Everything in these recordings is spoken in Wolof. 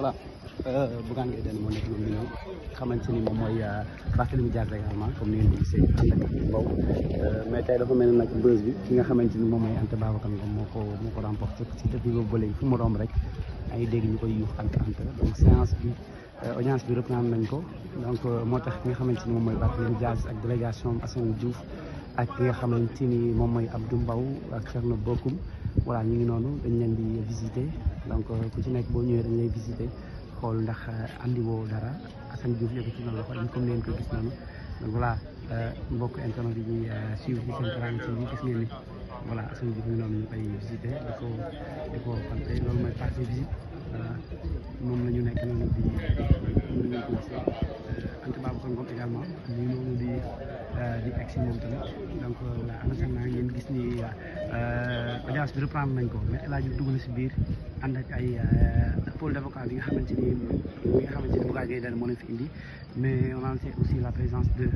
voilà euh, Bougane Gueye Dany moo nekk ñoom ñu noonu xamante ni moom mooy euh, Barthélémy Dias également comme ni ngeen ko gisee ànd ak Mbow euh, mais tey dafa mel ni nag ki nga xamante ni moom mooy Anta Babacar Ngom moo ko moo ko remporté ci depuis boobu ba léegi fu mu rek ay dégg ñu koy yuux Anta Anta donc séance bi audience bi reprendre nañ ko donc moo tax ki nga xamante ni moom mooy Barthélémy jaas ak délégation Assane Diouf ak ki nga xamante ni moom mooy Abdou mbaw ak Thierno Bocoum voilà ñu ngi noonu dañ leen di visiter donc euh, ku ci nekk boo ñëwee dañ lay visiter xool ndax euh, andiwoo dara Assane Diouf yëpp ci noonu ko gis euh, mbokk internet yi ñuy suivre ci seen Teranga TV gis ngeen ni voilà Assane ko di nekk noonu noonu di di egg moom tamit donc voilà sax naa ngeen gis ni. surveillance bi reprendre nañ ko mais El Hadj na si biir ànd ak euh, nga xamante ni ni avocat Guèye Dany moo fi indi mais on a aussi la présence de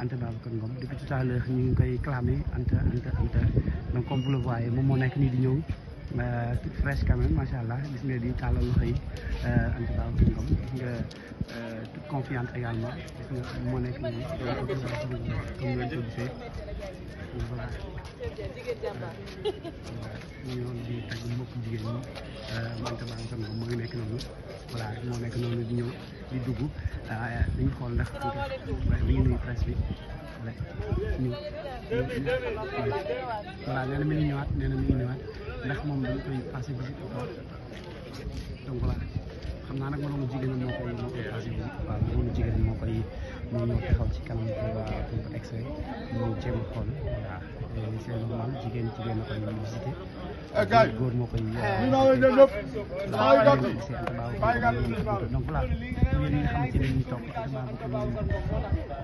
Anta Babacar Ngom depuis tout à l'heure ñu ngi koy clamé Anta Anta Anta donc comme vous le di ñëw fraîche euh, quand même macha allah gis nga di tàllal loxo yi euh, en tout cas bu nga euh, confiante nga moo nekk nii comme di tag nga moo nekk noonu voilà moo nekk noonu di ñëw di dugg dañu xool ndax li ngi nuyu bi voilà nee na mi ngi nee na mi ngi ndax moom dañ koy passé visite quoi donc voilà xam naa nag moromu jigéenam moo koy moo koy passé visite waaw moromu jigéenam moo koy moo ñëw taxaw ci kanam pour pour extrait mu jéem a xool waaw c'est normal jigéen jigéen a koy visité góor moo koy donc voilà yéen ñi nga xamante ne ñu toog